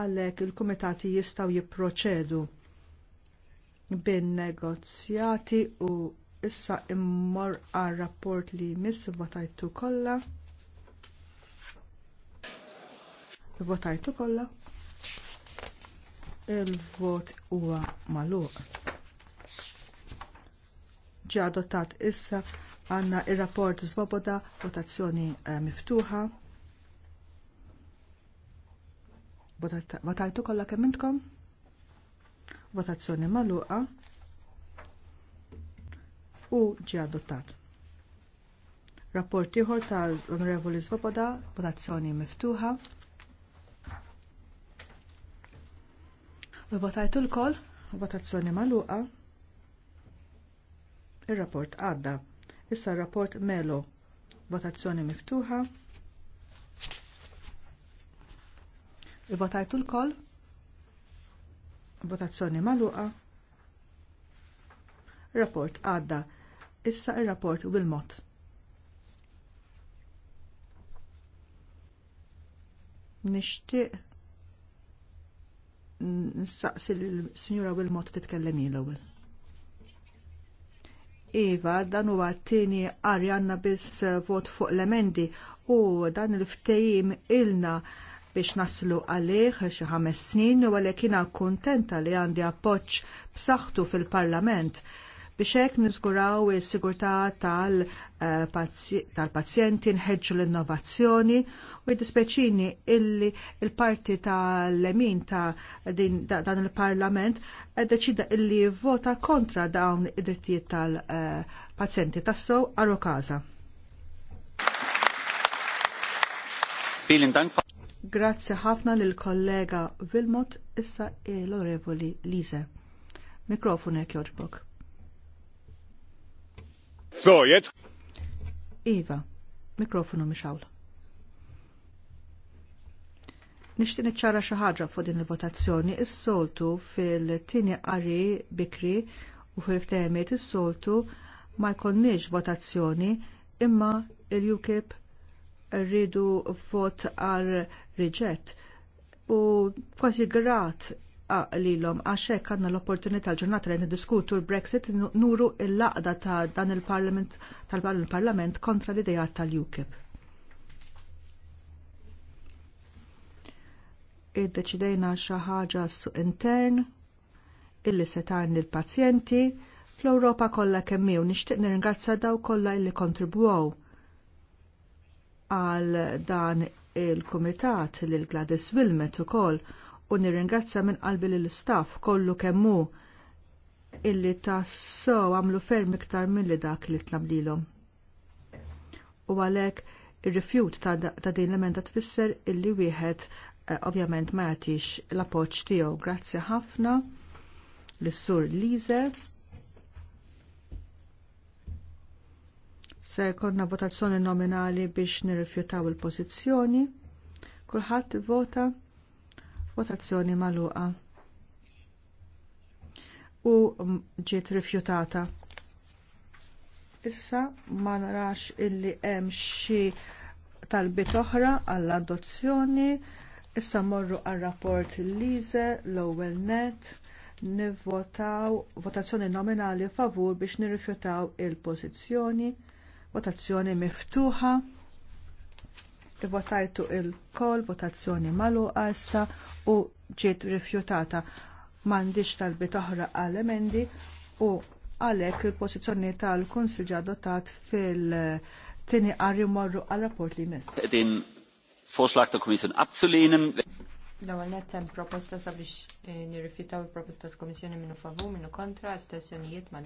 għalhekk il-kumitati jistgħu jipproċedu bin negozjati u issa immor għar rapport li jmiss votajtu kollha. Votajtu kollha. Il-vot huwa magħluq. Ġie adottat issa għandna r rapport Svoboda votazzjoni eh, miftuħa. Votajtu kollha kemm intkom? Votazzjoni magħluqa u ġie adottat. Rapport ieħor ta' Onorevoli Svoboda, votazzjoni miftuħa. Votajtu l kol votazzjoni magħluqa. Ir-rapport għadda. Issa r-rapport Melo, votazzjoni miftuħa. Votajtu l-koll? Votazzjoni maluqa? Rapport għadda. Issa il-rapport bil-mot. Nishtiq nsaqsi l-Sinjura Wilmot titkellem l-ewwel. Iva, dan huwa t-tieni għarja għandna biss vot fuq l-emendi u dan il ftejim ilna biex naslu għalih xi ħames snin u għalhekk jiena kuntenta li għandi appoġġ b'saħħtu fil-Parlament biex hekk niżguraw is-sigurtà tal-pazjenti nħeġġu l-innovazzjoni u jdispeċini illi l parti tal-lemin ta' dan il-Parlament deċida illi vota kontra dawn id-drittijiet tal-pazjenti tassew għarru kaza. Grazzi ħafna lill kollega Wilmot issa l-Orevoli Lise. Mikrofonek joġbok. So, jet. Iva, mikrofonu mixawla. Nixtieq niċċara xi ħaġa fuq din il-votazzjoni is-soltu fil-tieni qari bikri u fil-ftehmiet is-soltu ma jkollniex votazzjoni imma il-UKIP rridu vot għal riġett u kważi grat lilhom għax hekk għandna l-opportunità l-ġurnata li niddiskutu l-Brexit nuru il laqda ta' dan il-Parlament tal-Parlament kontra l ideja tal-UKIP. Iddeċidejna xi ħaġa su intern illi se l lill-pazjenti fl-Ewropa kollha kemm hu nixtieq nirringrazzja daw kollha illi kontribuaw għal dan il-Kumitat lil Gladys Wilmet ukoll u nirringrazzja minn qalbi lill istaff kollu kemm hu illi tassew għamlu ferm iktar milli dak li tlamlilhom. U għalhekk ir-rifjut ta', din l-emenda tfisser illi wieħed eh, ovvjament ma jagħtix l-appoġġ tiegħu. Grazzi ħafna lis sur Lise. se konna votazzjoni nominali biex nirrifjutaw il-pożizzjoni. Kulħadd vota votazzjoni magħluqa. U ġiet rifjutata. Issa ma narax illi hemm xi talbiet oħra għall-adozzjoni. Issa mmorru għal-rapport Lize l-ewwel net nivvotaw votazzjoni nominali favur biex nirrifjutaw il-pożizzjoni votazzjoni miftuħa, votajtu il-kol, votazzjoni magħluqa issa u ġiet rifjutata. M'għandix talbi oħra għal-emendi u għalhekk il pożizzjoni tal-Kunsil ġadotat adottat fil-tini qari morru għal-rapport li jmiss. Din Vorschlag ta' Kommission abzulehnen. L-ewwel nettem proposta sabiex eh, nirrifjutaw il-proposta tal-Komissjoni minnu favur hu kontra, astensjonijiet ma'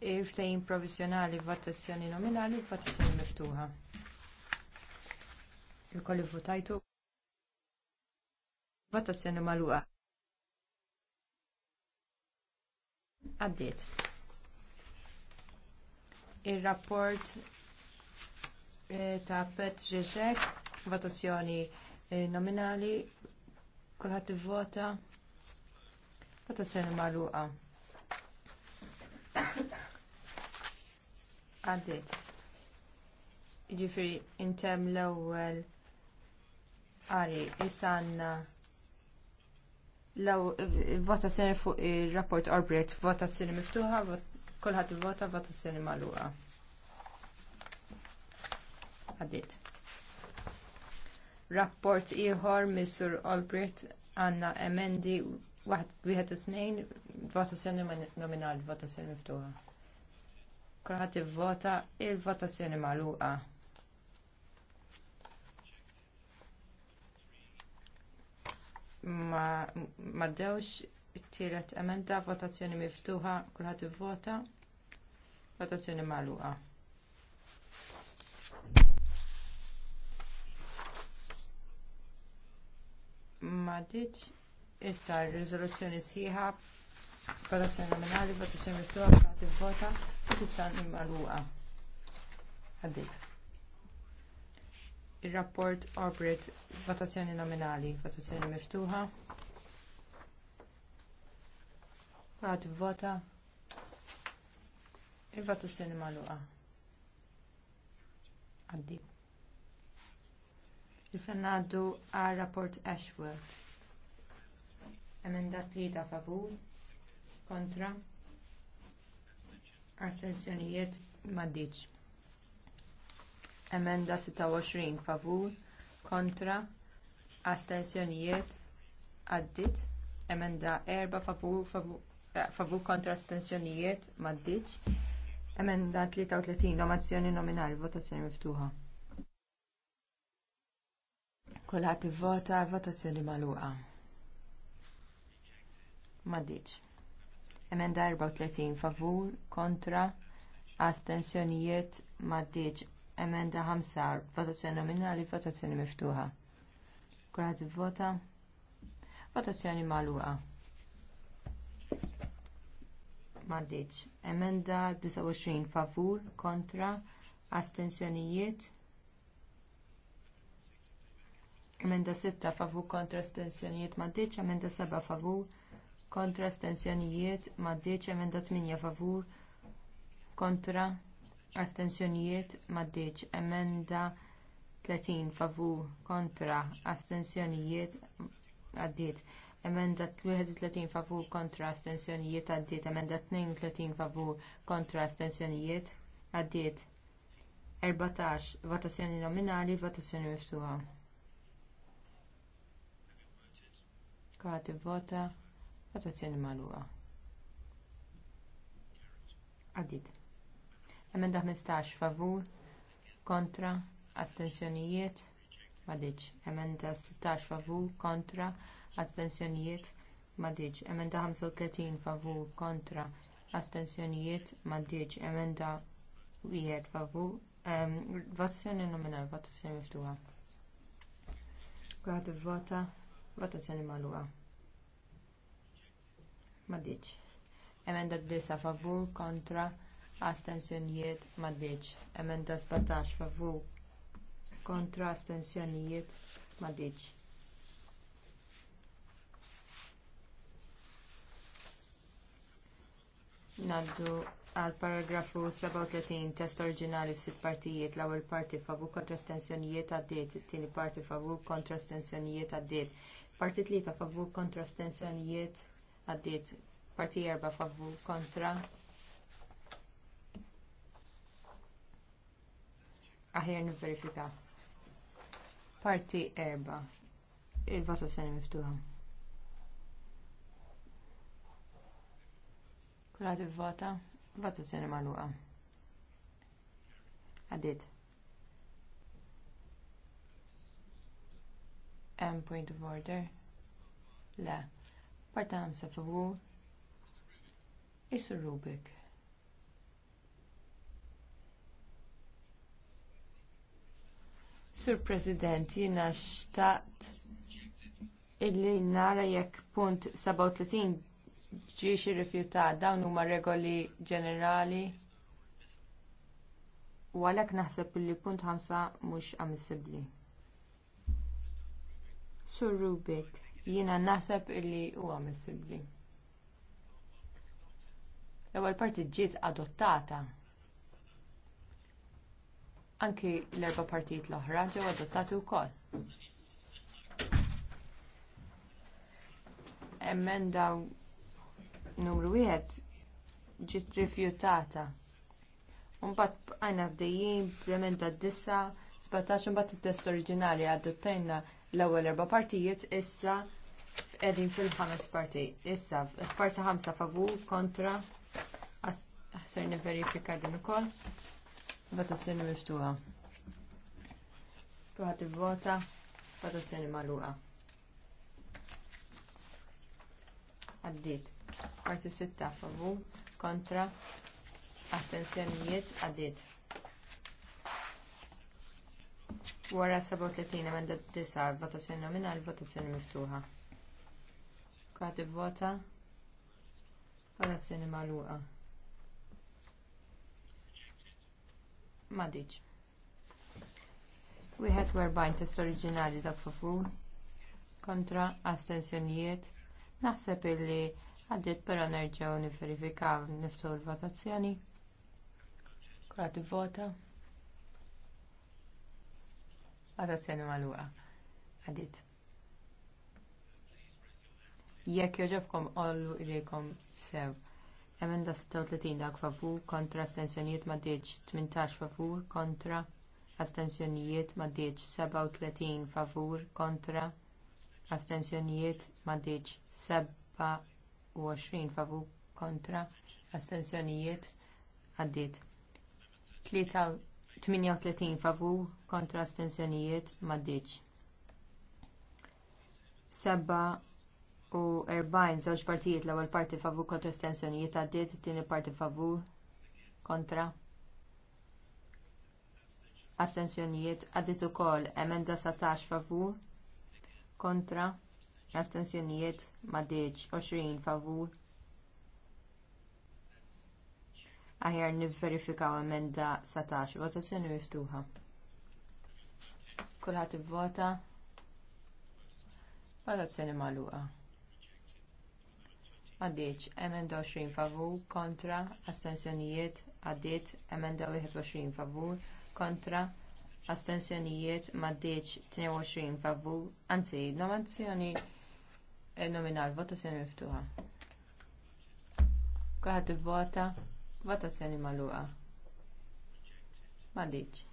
irftejn provizzjonali votazzjoni nominali votazzjoni miftuħa. Il-kolli votajtu. Votazzjoni magħluqa. Għaddiet. ir rapport eh, ta' Pet Ġeġek, votazzjoni eh, nominali, kulħadd ivvota. Votazzjoni magħluqa. għaddit. Jiġifieri intemm l-ewwel qari issa għandna votazzjoni fuq ir-rapport Orbret, votazzjoni miftuħa, kulħadd ivvota votazzjoni magħluqa. Għaddit. Rapport ieħor Missur Albrecht għandna emendi 1 u tnejn votazzjoni nominali, votazzjoni miftuħa. Kulħadd ivvota il-votazzjoni magħluqa. Ma ma dewx tielet emenda votazzjoni miftuħa kulħadd ivvota votazzjoni magħluqa. Ma ditx issa r-riżoluzzjoni sħiħa votazzjoni nominali, votazzjoni miftuħa, kulħadd ivvota. Petizzjoni Għaddit. Ir-rapport Orbrit votazzjoni nominali, votazzjoni miftuħa. Għad vota. Il-votazzjoni magħluqa. Għaddit. Issa għaddu għal rapport Ashworth. Emendat li ta' favur, kontra, Astenzjonijiet maddiċ. Emenda 26 favur kontra astensjonijiet għaddit. Emenda 4 favur, eh, favur, kontra astensjonijiet maddiċ. Emenda 33 nomazzjoni nominali votazzjoni miftuħa. Kulħadd ivvota votazzjoni magħluqa. Maddiċ. Emenda 34 favur kontra astensjonijiet maddiċ. Emenda 5 votazzjoni nominali votazzjoni miftuħa. Kurħat vota votazzjoni magħluqa. Maddiċ. Emenda 29 favur kontra astensjonijiet Emenda 6 favur kontra astensjonijiet maddiċ, emenda 7 favur kontra astensjonijiet m'għaddiex emenda 8 favur kontra astensjonijiet m'għaddiex emenda 30 favur kontra astensjonijiet għaddiet emenda 31 favur kontra astensjonijiet għaddiet emenda 32 favur kontra astensjonijiet għaddiet 14 votazzjoni nominali votazzjoni miftuħa. Kati vota. Votazzjoni magħluqa. Għaddit. Emenda 15 favur kontra astensjonijiet m'għaddiġ. Emenda 16 favur kontra astensjonijiet m'għaddiġ. Emenda 35 favur kontra astensjonijiet m'għaddiġ. Emenda wieħed favur votazzjoni nominali, votazzjoni miftuħa. Għad vota, votazzjoni magħluqa. Maddiċ. Emenda 9 favur kontra astensjonijiet maddiċ. Emenda 17 favur kontra astensjonijiet maddiċ. Naddu għal paragrafu 37 test oriġinali f'sitt partijiet l-ewwel parti favur kontra stensjonijiet għaddiet, it-tieni parti favur kontra astensjonijiet għaddiet, parti tlieta favur kontra stensjonijiet għaddiet parti erba favu kontra aħjar nivverifika parti erba il-votazzjoni miftuħa kulħadd ivvota votazzjoni maluqa. għaddiet M point of order le Parta ħamsa fuhu. Isur Rubik. Sur President, jiena xtaqt illi nara jekk punt 37 ġiex rifjuta dawn huma regoli ġenerali u għalhekk naħseb illi punt 5 mhux ammissibbli. Sur Rubik. Jiena naħseb illi huwa missibbli. L-ewwel parti ġiet adottata anki l-erba partijiet l-oħra ġew adottati wkoll. Emenda numru wieħed ġiet rifjutata. Mbagħad għajna għaddejjin b'emenda disa' 17 mbagħad it-test oriġinali adottajna l-ewwel erba' partijiet issa qegħdin fil-ħames parti. Issa, parti ħamsa favur kontra ħasser verifika din ukoll. Votazzjoni miftuħa. Tuħat il-vota, magħluqa. Għaddiet. Parti sitta kontra astensjonijiet għaddiet. Wara 37 emenda 9 votazzjoni nominali, votazzjoni miftuħa. Kati vota. Votazzjoni maluqa. Madiċ. Wieħed werbajn test oriġinali dak favur kontra astensjonijiet. Naħseb illi għaddit però nerġgħu niferifikaw niftu l-votazzjoni. Kurati vota. Votazzjoni maluqa. Għaddit. Jekk jogħġobkom ollu ilejkom sew. Emenda 36 dak favur kontra astensjonijiet ma' deċ 18 favur kontra astensjonijiet ma' deċ 37 favur kontra astensjonijiet ma' deċ 27 favur kontra astensjonijiet għaddiet 38 favu, kontra astensjonijiet ma' deċ u 40 żewġ partijiet l-ewwel parti favur kontra stensjonijiet għaddiet, it-tieni parti favur kontra astensjonijiet għaddiet ukoll emenda 17 favur kontra astensjonijiet m'għaddiex 20 favur aħjar nivverifikaw emenda 17 votazzjoni miftuħa kulħadd ivvota votazzjoni magħluqa Għaddiċ, emenda 20 favur kontra astensjonijiet għaddiet emenda 21 favur kontra astensjonijiet maddiċ 22 favur, anzi, nomazzjoni eh, nominal, votazzjoni miftuħa. Kuħat vota votazzjoni magħluqa. Maddiċ.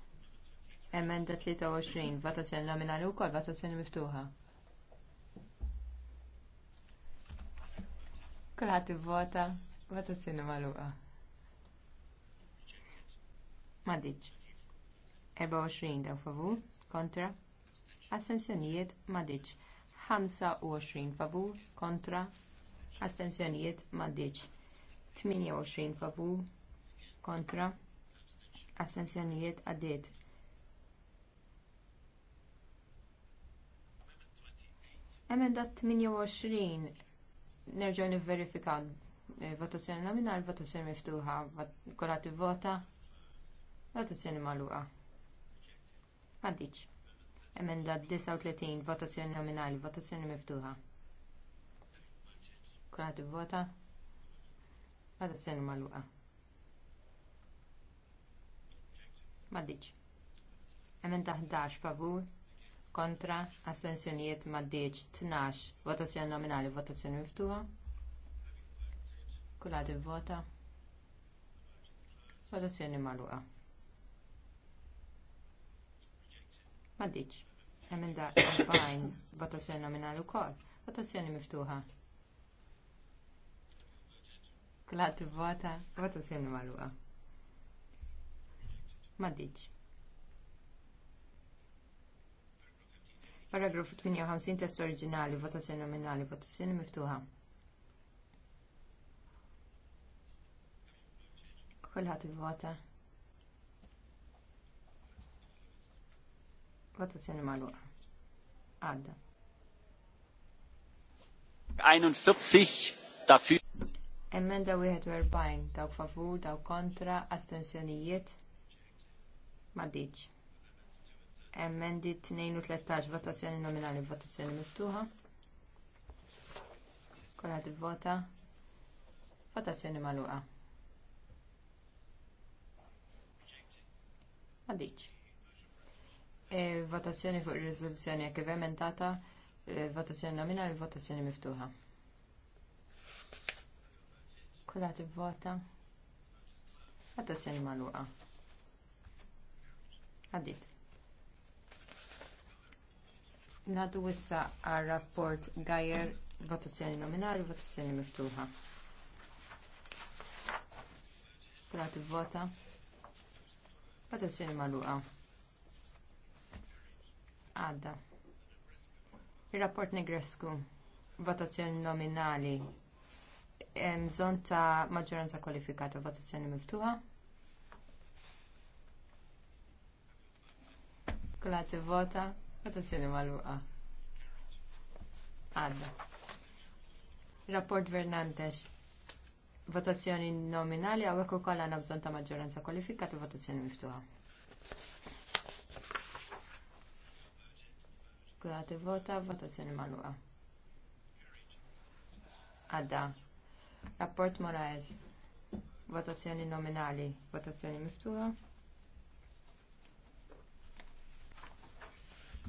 Emenda 23, votazzjoni nominali wkoll votazzjoni miftuħa. Kulħadd ivvota, votazzjoni magħluqa. Ma ditx. 24 daw favur, kontra, astensjonijiet ma 25 favur, kontra, astensjonijiet ma 28 favur, kontra, astensjonijiet għaddiet. Emenda 28 nerġgħu nivverifika eh, votazzjoni nominali, votazzjoni miftuħa, kolati vota, votazzjoni maluqa. Għaddiċ. Emenda 39, votazzjoni nominali, votazzjoni miftuħa. Kolati vota, votazzjoni magħluqa. Maddiċ. Emenda 11, favur, kontra astensjonijiet maddiċ 12 votazzjoni nominali votazzjoni miftuħa kulħadd ivvota votazzjoni magħluqa maddiċ emenda 40 votazzjoni nominali wkoll votazzjoni miftuħa kulħadd ivvota votazzjoni magħluqa maddiċ Paragrafu 58 test oriġinali, votazzjoni nominali, votazzjoni miftuħa. Kulħadd ivvota. Votazzjoni magħluqa. Għadda. 41 dafür. Emenda 41 dawk favur, dawk kontra, astensjonijiet. Madiċ emendi 213 votazzjoni nominali votazzjoni miftuħa kolla vota. votazzjoni magħluqa Għadiċ. E, votazzjoni fuq il-rizoluzzjoni jekk ementata, e, votazzjoni nominali, votazzjoni miftuħa. Kolla vota? Votazzjoni magħluqa. Għadiċ. Nadu issa għal rapport Gajer votazzjoni nominali, votazzjoni miftuħa. Kulħat vota Votazzjoni magħluqa. Għadda. Il-rapport Negrescu, votazzjoni nominali, bżonn ta' maġġoranza kwalifikata votazzjoni miftuħa. Kulħat vota l-uqa. Għadda. Rapport Vernantes. Votazzjoni nominali għawek u kolla nabżon ta' maġġoranza kwalifikat u votazzjoni miftuħa. Kulħat vota, votazzjoni mal-uqa. Għadda. Rapport Moraes. Votazzjoni nominali. Votazzjoni miftuħa.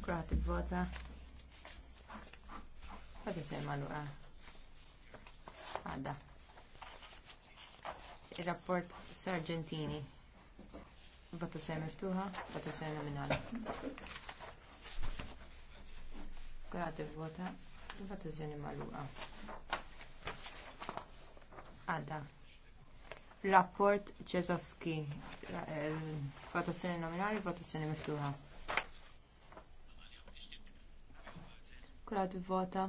Kulħadd ivvota. Ħadd isir magħluqa. Għadda. Ir-rapport ah. Sargentini. Votazzjoni miftuħa, votazzjoni nominali. Kulħadd ivvota, votazzjoni magħluqa. Ah. Għadda. Rapport Ċezowski, eh, votazzjoni nominali, votazzjoni miftuħa. Kulat vota.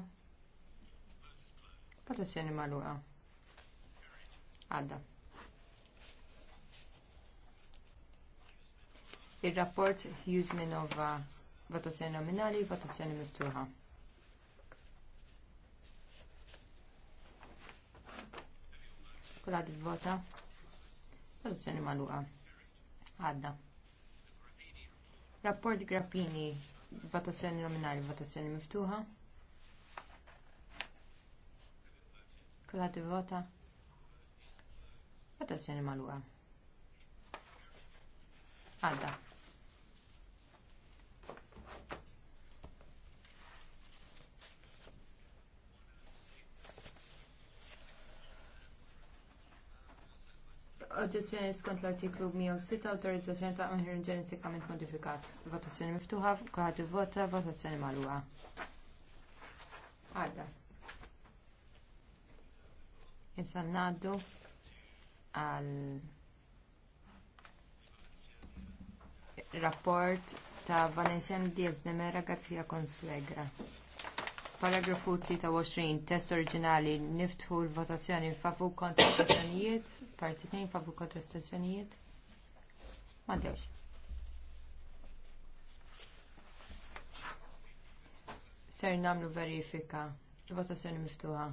Votazzjoni maluqa. Għadda. Il-rapport Hughes Minova votazzjoni nominali, votazzjoni miftuħa. Kulat vota. Votazzjoni maluqa. Għadda. Rapport Grappini Votazzjoni nominali, votazzjoni miftuħa. Kulħadd vota. Votazzjoni malwa. Għadda. Oġġezzjoni skont l-artiklu 106 autorizzazzjoni ta' mħirin ġenetikament modifikat. Votazzjoni miftuħa, kħad vota, votazzjoni magħluqa. Għadda. Issa ngħaddu għal rapport ta' Valenciano Diaz de Mera Garcia Consuegra. Paragrafu 23, test oriġinali, niftħu l-votazzjoni favur kontra stazzjonijiet, parti 2 favur kontra stazzjonijiet. Mandewx. Ser namlu verifika. Votazzjoni miftuħa.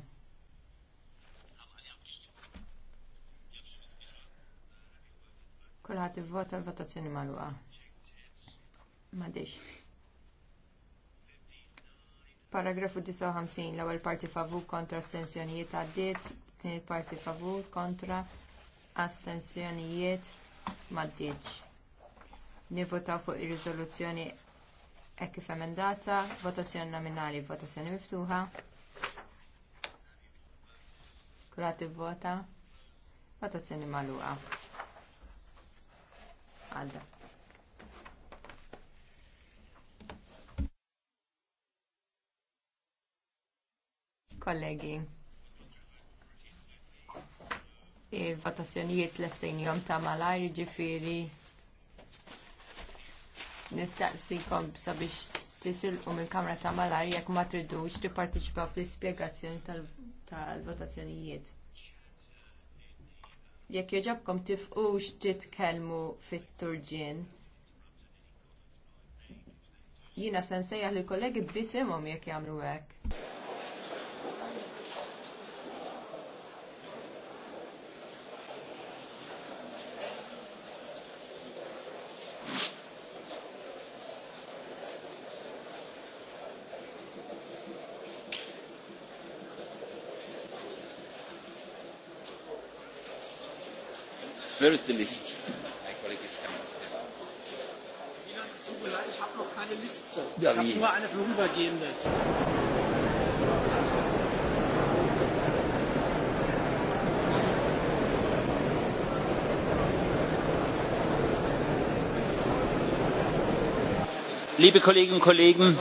Kulħat vota l-votazzjoni maluqa. Mandewx. Paragrafu 59 l-ewwel parti favur kontra astensjonijiet għaddiet, tieni parti favur kontra astensjonijiet m'għaddiex. Nivvotaw fuq ir-riżoluzzjoni hekk kif emendata, votazzjoni nominali, votazzjoni miftuħa. Kulħadd ivvota, votazzjoni magħluqa. Għadda. kollegi. Il-votazzjonijiet l-estejn jom ta' malaj ġifiri nistaqsikom sabiex titilqu minn kamra ta' malaj jekk ma tridux tipparteċipaw fl ispiegazzjoni tal-votazzjonijiet. Jekk joġobkom tifqux titkellmu fit-turġien jina sensejja li kollegi bisimom jekk jagħmlu hekk. Where is the list? Ich habe noch keine Liste. Ja, habe nur eine vorübergehende. Liebe Kolleginnen und Kollegen,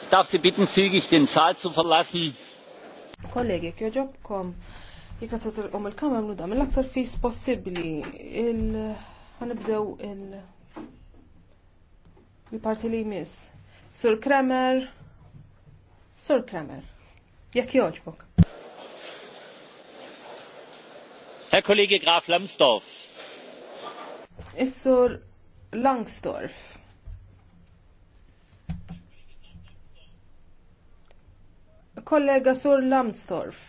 ich darf Sie bitten, zügig den Saal zu verlassen. Kollege, jekk qed tilqom il-kamra nagħmlu dan mill-aktar fis possibbli. Ħanibdew il il-parti li jmiss. Sur Kramer, Sur Kramer, jekk jogħġbok. Herr Kollege Graf Lambsdorff. Is-Sur Langsdorff. Kollega Sur Lambsdorff.